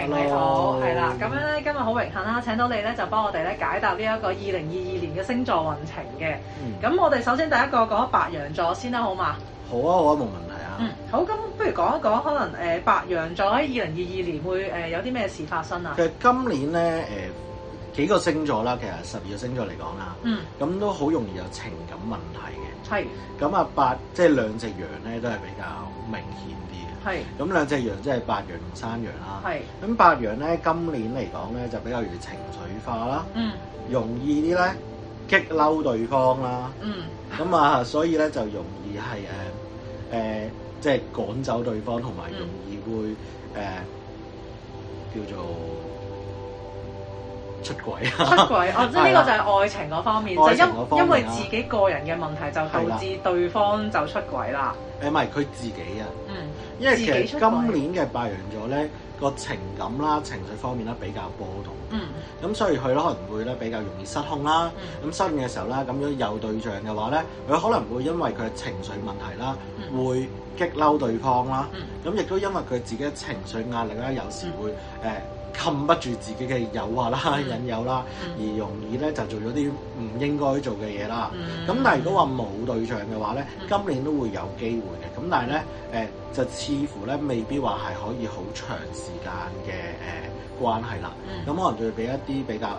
你好 Hello.、嗯，係啦、嗯，咁樣咧，今日好榮幸啦，請到你咧，就幫我哋咧解答呢一個二零二二年嘅星座運程嘅。咁、嗯、我哋首先第一個講白羊座先啦，好嘛？好啊，好啊，冇問題啊。嗯，好，咁不如講一講，可能誒、呃、白羊座喺二零二二年會誒有啲咩事發生啊？其實今年咧，誒、呃、幾個星座啦，其實十二個星座嚟講啦，嗯，咁都好容易有情感問題嘅。係是。咁啊，白即係兩隻羊咧，都係比較明顯。係咁兩隻羊即係白羊同山羊啦。係咁是白羊咧，今年嚟講咧就比較容易情緒化啦，嗯、容易啲咧激嬲對方啦。咁啊、嗯，所以咧就容易係誒誒，即係趕走對方，同埋容易會誒、嗯呃、叫做。出軌啊！出軌哦！即係呢個就係愛情嗰方面，就因因為自己個人嘅問題就導致對方就出軌啦。誒唔係佢自己啊，因為其實今年嘅白羊座咧個情感啦、情緒方面咧比較波動，咁所以佢可能會咧比較容易失控啦。咁失戀嘅時候咧咁樣有對象嘅話咧，佢可能會因為佢嘅情緒問題啦，會激嬲對方啦。咁亦都因為佢自己嘅情緒壓力咧，有時會誒，禁不住自己嘅誘惑啦、引誘啦，嗯、而容易咧就做咗啲唔應該做嘅嘢啦。咁、嗯、但係如果話冇對象嘅話咧，嗯、今年都會有機會嘅。咁但係咧，誒、呃、就似乎咧未必話係可以好長時間嘅誒、呃、關係啦。咁、嗯、可能就會俾一啲比較誒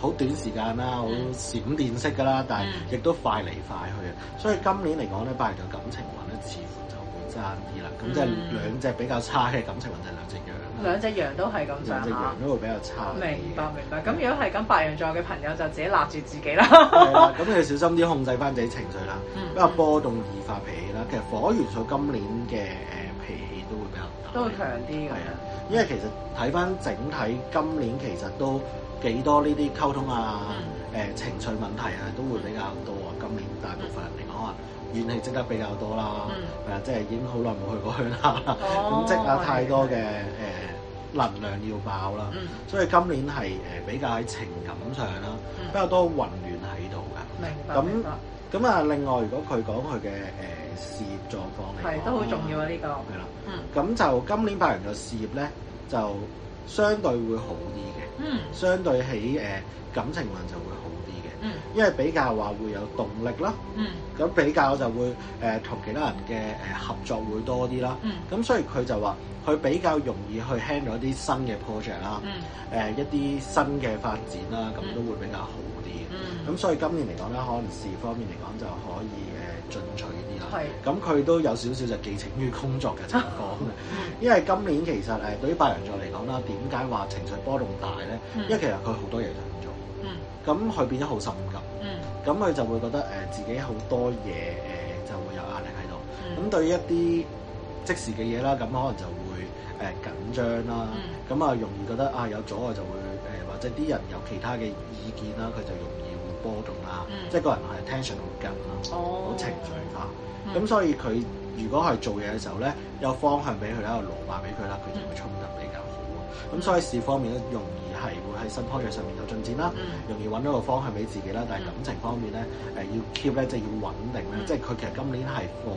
好、呃、短時間啦、好閃電式噶啦，但係亦都快嚟快去。啊。所以今年嚟講咧，白羊嘅感情運咧，似乎就會爭啲啦。咁即係兩隻比較差嘅感情運就兩隻樣。兩隻羊都係咁樣，吓，都會比較差。明白明白，咁對白如果係咁，白羊座嘅朋友就自己立住自己啦。係啦對，咁你 小心啲控制翻自己情緒啦，嗯、比較波動易發脾氣啦。嗯、其實火元素今年嘅誒脾氣都會比較大，都會強啲嘅。係啊，嗯、因為其實睇翻整體今年其實都幾多呢啲溝通啊、誒、嗯、情緒問題啊都會比較多啊。今年大部分。怨氣積得比較多啦，誒，即係已經好耐冇去過去啦，積啊太多嘅誒能量要爆啦，所以今年係誒比較喺情感上啦，比較多混亂喺度噶。明白。咁咁啊，另外如果佢講佢嘅誒事業狀況，係都好重要啊呢個。係啦，咁就今年排完個事業咧，就相對會好啲嘅，相對起誒感情運就會好啲。因為比較話會有動力啦，咁、嗯、比較就會誒同其他人嘅誒合作會多啲啦，咁、嗯、所以佢就話佢比較容易去 handle 啲新嘅 project 啦、嗯，誒、呃、一啲新嘅發展啦，咁都會比較好啲。咁、嗯、所以今年嚟講咧，可能事業方面嚟講就可以誒進取啲啦。咁佢是都有少少就寄情於工作嘅情況。因為今年其實誒對於白羊座嚟講啦，點解話情緒波動大咧？嗯、因為其實佢好多嘢想做。咁佢變咗好十五急，咁佢、嗯、就會覺得誒自己好多嘢誒就會有壓力喺度，咁、嗯、對於一啲即時嘅嘢啦，咁可能就會誒、呃、緊張啦，咁啊、嗯、容易覺得啊有阻礙就會誒、呃、或者啲人有其他嘅意見啦，佢就容易會波動啦，即係、嗯、個人係 tension 好緊咯，好、哦、情緒化，咁、嗯、所以佢如果係做嘢嘅時候咧，有方向俾佢啦，有路徑俾佢啦，佢就會衝得比較好啊，咁、嗯嗯、所以事方面咧容。係會喺新 project 上面有進展啦，容易揾到個方向俾自己啦。但係感情方面咧，誒要 keep 咧，就要穩定咧。即係佢其實今年係往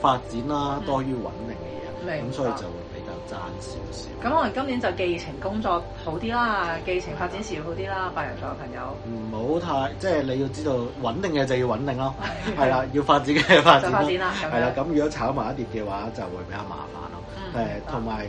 發展啦，多於穩定嘅嘢。明白。咁所以就會比較爭少少。咁可能今年就寄情工作好啲啦，寄情發展好啲啦，白羊座嘅朋友。唔好太，即係你要知道穩定嘅就要穩定咯，係啦。要發展嘅發展。就發展啦，係啦。咁如果炒埋一碟嘅話，就會比較麻煩咯。誒，同埋。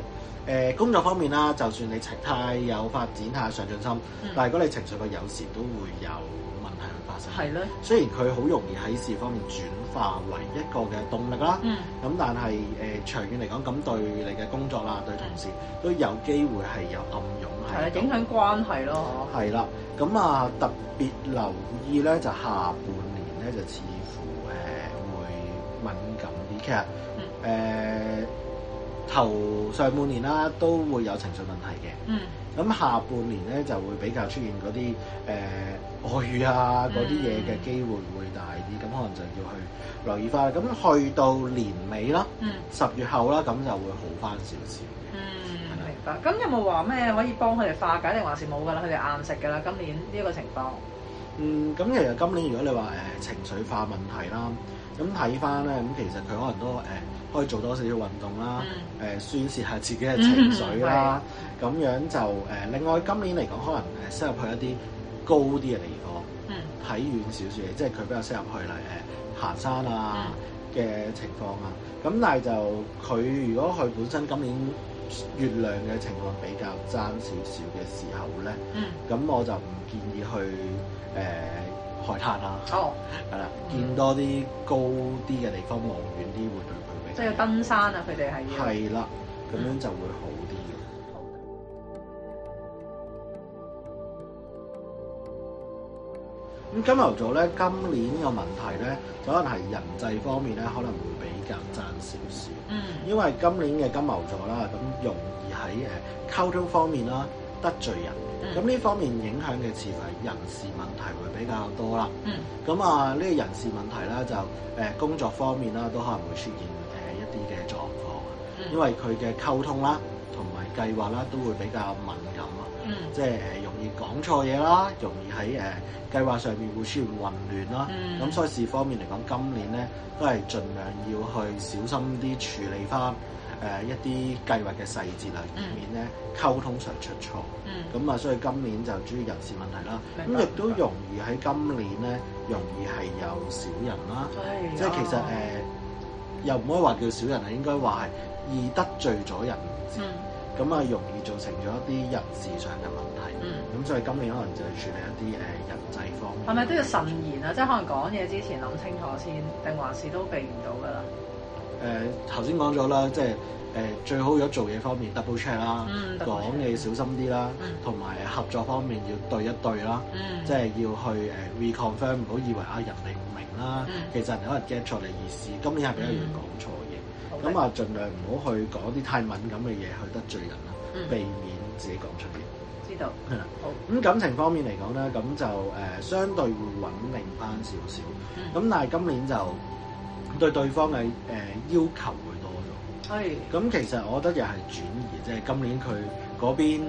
誒、呃、工作方面啦，就算你情太有發展啊上進心，嗯、但係如果你情緒佢有時都會有問題發生。係咧的，雖然佢好容易喺事業方面轉化為一個嘅動力啦，咁、嗯、但係誒、呃、長遠嚟講，咁對你嘅工作啦，對同事都有機會係有暗湧，係影響關係咯。係啦，咁啊特別留意咧，就下半年咧就似乎誒、呃、會敏感啲，其實誒。嗯呃頭上半年啦、啊，都會有情緒問題嘅。嗯。咁下半年咧就會比較出現嗰啲誒外遇啊嗰啲嘢嘅機會會大啲，咁、嗯、可能就要去留意翻。咁去到年尾啦，嗯、十月後啦，咁就會好翻少少。嗯，吧明白。咁有冇話咩可以幫佢哋化解定還是冇㗎啦？佢哋硬食㗎啦，今年呢一個情況。嗯，咁其實今年如果你話誒、呃、情緒化問題啦，咁睇翻咧，咁其實佢可能都誒。呃呃呃可以做多少少運動啦，誒、嗯呃、宣泄下自己嘅情緒啦，咁、嗯、樣就誒、呃。另外今年嚟講，可能誒適合去一啲高啲嘅地方，睇、嗯、遠少少嘅，即係佢比較適合去啦誒行山啊嘅、嗯、情況啊。咁但係就佢如果佢本身今年月亮嘅情況比較差少少嘅時候咧，咁、嗯、我就唔建議去誒、呃、海灘啦、啊。係啦、嗯，見多啲高啲嘅地方，望遠啲會。即係登山啊！佢哋係要係啦，咁樣就會好啲嘅。咁、嗯、金牛座咧，今年嘅問題咧，就可能係人際方面咧，可能會比較爭少少。嗯，因為今年嘅金牛座啦，咁容易喺誒溝通方面啦得罪人。咁呢、嗯、方面影響嘅前提人事問題會比較多啦。嗯，咁啊呢個人事問題啦，就誒工作方面啦都可能會出現。因為佢嘅溝通啦，同埋計劃啦，都會比較敏感啊，嗯、即係容易講錯嘢啦，容易喺誒計劃上面會出現混亂啦。咁、嗯、所以事方面嚟講，今年呢都係盡量要去小心啲處理翻誒一啲計劃嘅細節啊，以免咧溝通上出錯。咁啊、嗯，所以今年就主要人事問題啦。咁亦白都容易喺今年呢，容易係有小人啦。白即係其實誒。呃又唔可以話叫小人啊，應該話係易得罪咗人，咁啊、嗯、容易造成咗一啲人事上嘅問題。咁、嗯、所以今年可能就係處理一啲誒人際方面。係咪都要慎言啊？即係、嗯、可能講嘢之前諗清楚先，定還是都避唔到㗎喇？誒頭先講咗啦，即係誒最好喺做嘢方面 double check 啦，講嘢、嗯、小心啲啦，同埋、嗯、合作方面要對一對啦，即係、嗯、要去誒 reconfirm，唔好以為啊人哋。啦，嗯、其實人可能 get 錯你意思，今年係比較容易講錯嘢。咁啊、嗯，盡量唔好去講啲太敏感嘅嘢去得罪人啦，嗯、避免自己講出嚟。知道 好，咁感情方面嚟講咧，咁就誒相對會穩定返少少，咁、嗯、但係今年就對對方嘅誒要求會多咗。係咁是，其實我覺得又係轉移，即、就、係、是、今年佢嗰邊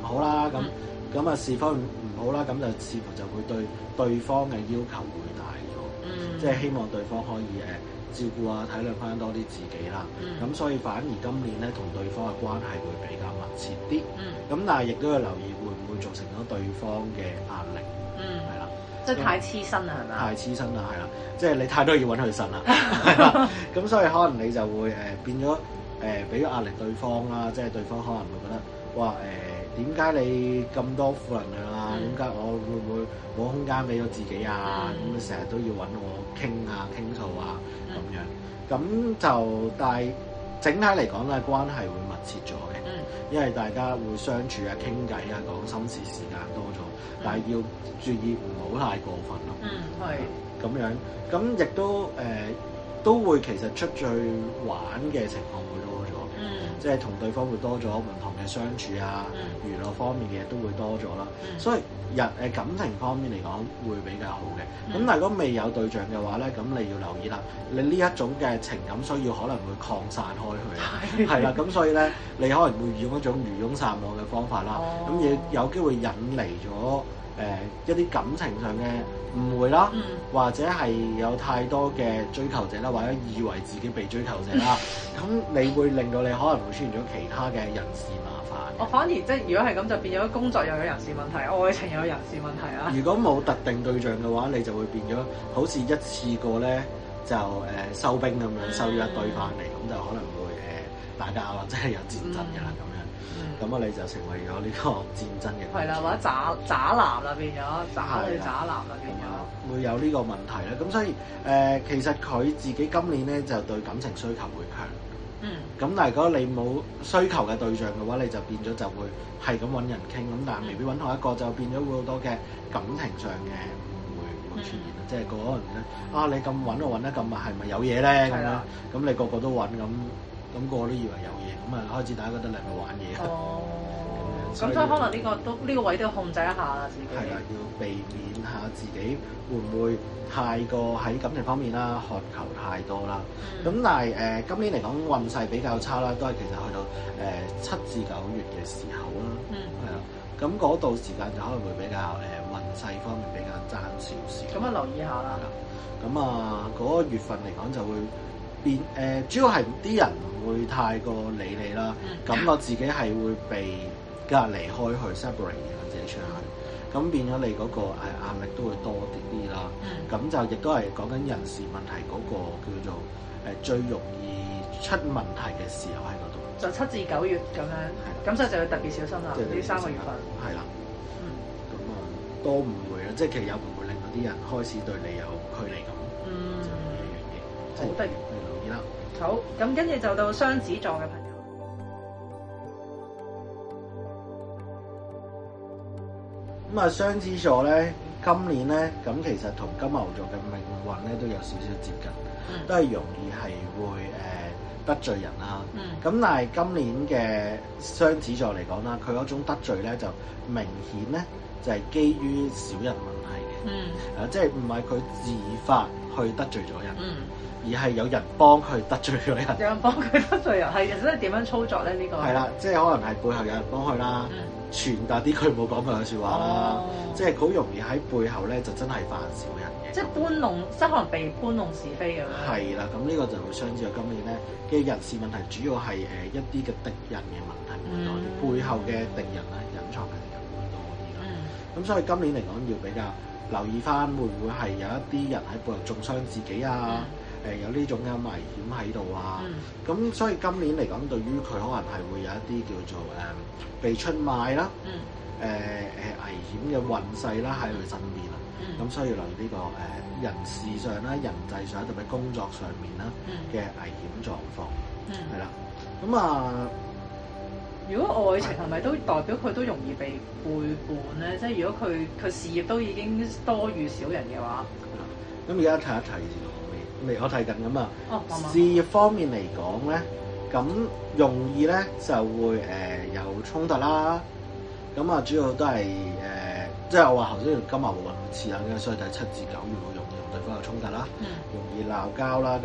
唔好啦，咁咁啊事況唔好啦，咁就似乎就會對對方嘅要求會。即係希望對方可以誒照顧啊，體諒翻多啲自己啦。咁、嗯、所以反而今年咧，同對方嘅關係會比較密切啲。咁、嗯、但係亦都要留意，會唔會造成咗對方嘅壓力？嗯，係啦，即係太黐身啦，係咪啊？太黐身啦，係啦，即係你太多要揾佢身啦。咁 所以可能你就會誒變咗誒俾咗壓力對方啦。即係對方可能會覺得，哇、呃、誒，點、呃、解、呃、你咁多負能量？」點解、嗯、我會唔會冇空間俾咗自己啊？咁佢成日都要揾我傾下傾訴啊咁樣，咁就但係整體嚟講咧，關係會密切咗嘅。嗯，因為大家會相處啊、傾偈啊、講心事時間多咗，嗯、但係要注意唔好太過分咯。嗯，係咁樣，咁亦都誒、呃、都會其實出去玩嘅情況會。即係同對方會多咗唔同嘅相處啊，娛樂方面嘅嘢都會多咗啦，嗯、所以人誒感情方面嚟講會比較好嘅。咁、嗯、但係如果未有對象嘅話咧，咁你要留意啦，你呢一種嘅情感需要可能會擴散開去，係啦， 咁所以咧你可能會用一種漁翁撒網嘅方法啦，咁亦、哦、有機會引嚟咗誒一啲感情上嘅。唔會啦，或者係有太多嘅追求者啦，或者以為自己被追求者啦，咁你會令到你可能會出現咗其他嘅人事麻煩。我反而即係如果係咁，就變咗工作又有人事問題，愛情又有人事問題啦、啊。如果冇特定對象嘅話，你就會變咗好似一次過咧就誒、呃、收兵咁樣收咗一堆翻嚟，咁就可能會誒、呃、打架或者係有戰爭嘅啦咁。嗯咁啊，你就成為咗呢個戰爭嘅，係啦，或者渣渣男啦，變咗渣女渣男啦，變咗會有呢個問題咧。咁所以誒、呃，其實佢自己今年咧就對感情需求會強，嗯，咁但係如果你冇需求嘅對象嘅話，你就變咗就會係咁揾人傾，咁但係未必揾同一個，就變咗會好多嘅感情上嘅誤會會出現啦。即係過咗陣咧，啊，你咁揾我揾得咁密，係咪有嘢咧？咁樣咁你個個都揾咁。那個咁個我都以為有嘢，咁啊開始大家覺得嚟咪玩嘢咯。哦，咁、呃、所，所以可能呢、呢個都呢、呢個位都要控制一下自己。係啊，要避免下自己會唔會太過喺感情方面啦，渴求太多啦。咁、嗯、但係誒、呃，今年嚟講運勢比較差啦，都係其實去到誒七至九月嘅時候啦。嗯。係啊，咁嗰度時間就可能會比較誒、呃、運勢方面比較爭少少。咁啊、嗯，留意下啦。咁啊、嗯，嗰、呃嗰個月份嚟講就會。變誒、呃、主要係啲人唔會太過理你啦，咁我自己係會被隔離開去 separate 自己出去，咁變咗你嗰個誒壓力都會多啲啲啦，咁就亦都係講緊人事問題嗰個叫做誒最容易出問題嘅時候喺嗰度，就七至九月咁樣，咁的所以就要特別小心啦呢三個月份，係啦，咁啊、嗯嗯、多誤會啦，即係其實有唔會令到啲人開始對你有距離感，嗯，就呢樣嘢好得的意。嗯。好，咁跟住就到雙子座嘅朋友。咁啊，雙子座咧，今年咧，咁其實同金牛座嘅命運咧都有少少接近，嗯、都係容易係會誒得罪人啦。咁、嗯、但係今年嘅雙子座嚟講啦，佢嗰種得罪咧就明顯咧，就係、係、基於小人問題嘅，啊、嗯，即係唔係佢自發。去得罪咗人，而係有人幫佢得罪咗人。有人、嗯、幫佢得罪人，係其實都係點樣操作咧？呢個係啦，即係可能係背後有人幫佢啦，傳達啲佢冇講過嘅説話啦，哦、即係好容易喺背後咧就真係犯小人嘅。即係搬弄，即係可能被搬弄是非咁啊。係啦，咁呢個就會相照今年咧嘅人事問題，主要係誒一啲嘅敵人嘅問題會多啲，嗯、背後嘅敵人咧隱藏嘅人會多啲啦。咁、嗯嗯、所以今年嚟講，要比較，留意翻會唔會係有一啲人喺背後中傷自己啊？誒的、呃、有呢種嘅危險喺度啊！咁、嗯、所以今年嚟講，對於佢可能係會有一啲叫做誒被出賣啦、誒誒、嗯呃、危險嘅運勢啦喺佢身邊啊！咁、嗯、所以留意呢個誒人事上啦、人際上，同埋工作上面啦嘅危險狀況，係啦、嗯，咁啊～如果愛情係咪都代表佢都容易被背叛咧？即係如果佢佢事業都已經多遇小人嘅話，咁而家睇一睇，未可睇緊咁啊。哦、事業方面嚟講咧，咁容易咧就會誒、呃、有衝突啦。咁啊，主要都係誒、呃，即係我話頭先，金牛運次等嘅，所以就係七至九月會容易同對方有衝突啦，容易鬧交啦。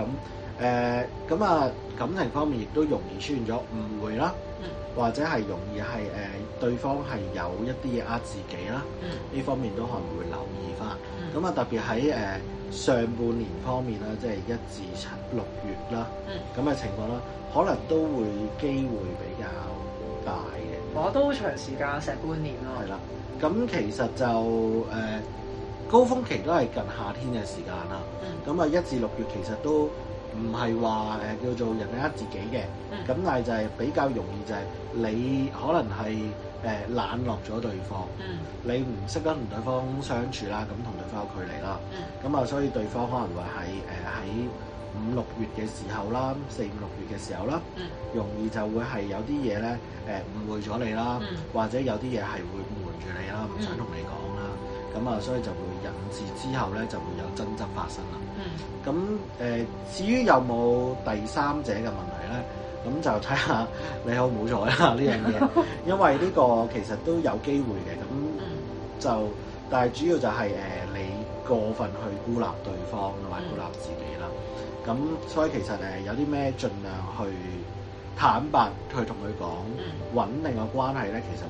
咁誒咁啊，感情方面亦都容易出現咗誤會啦。或者係容易係誒對方係有一啲嘢呃自己啦，呢、嗯、方面都可能會留意翻。咁啊、嗯、特別喺誒上半年方面啦，即係一至七六月啦，咁嘅、嗯、情況啦，可能都會機會比較大嘅。我都好長時間成半年咯。係啦，咁其實就誒、呃、高峰期都係近夏天嘅時間啦。咁啊一至六月其實都。唔係話誒叫做人哋呃自己嘅，咁、嗯、但係就係比較容易就係你可能係誒冷落咗對方，嗯，你唔識得同對方相處啦，咁同對方有距離啦，咁、嗯、啊所以對方可能會係誒喺五六月嘅時候啦，四五六月嘅時候啦，嗯、容易就會係有啲嘢，咧誒誤會咗你啦，嗯、或者有啲嘢係會瞞住你啦，唔想同你講。嗯嗯咁啊，所以就會引致之後咧，就會有爭執發生啦。嗯。咁誒、呃、至於有冇第三者嘅問題咧，咁就睇下你好唔好彩啦呢樣嘢，因為呢個其實都有機會嘅。咁就，但係主要就係、是、誒、呃、你過分去孤立對方或者孤立自己啦。咁、嗯、所以其實誒有啲咩盡量去坦白去同佢講穩定嘅關係咧，其實。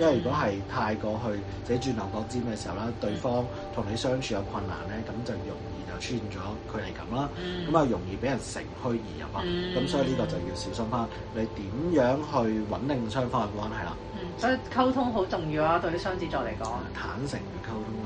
因為如果係太過去自己鑽牛角尖嘅時候啦，對方同你相處有困難咧，咁就容易就出現咗距離感啦，咁啊、嗯、容易俾人乘虛而入啊，咁、嗯、所以呢個就要小心翻你點樣去穩定雙方嘅關係啦、嗯。所以溝通好重要啊，對於雙子座嚟講，坦誠嘅溝通。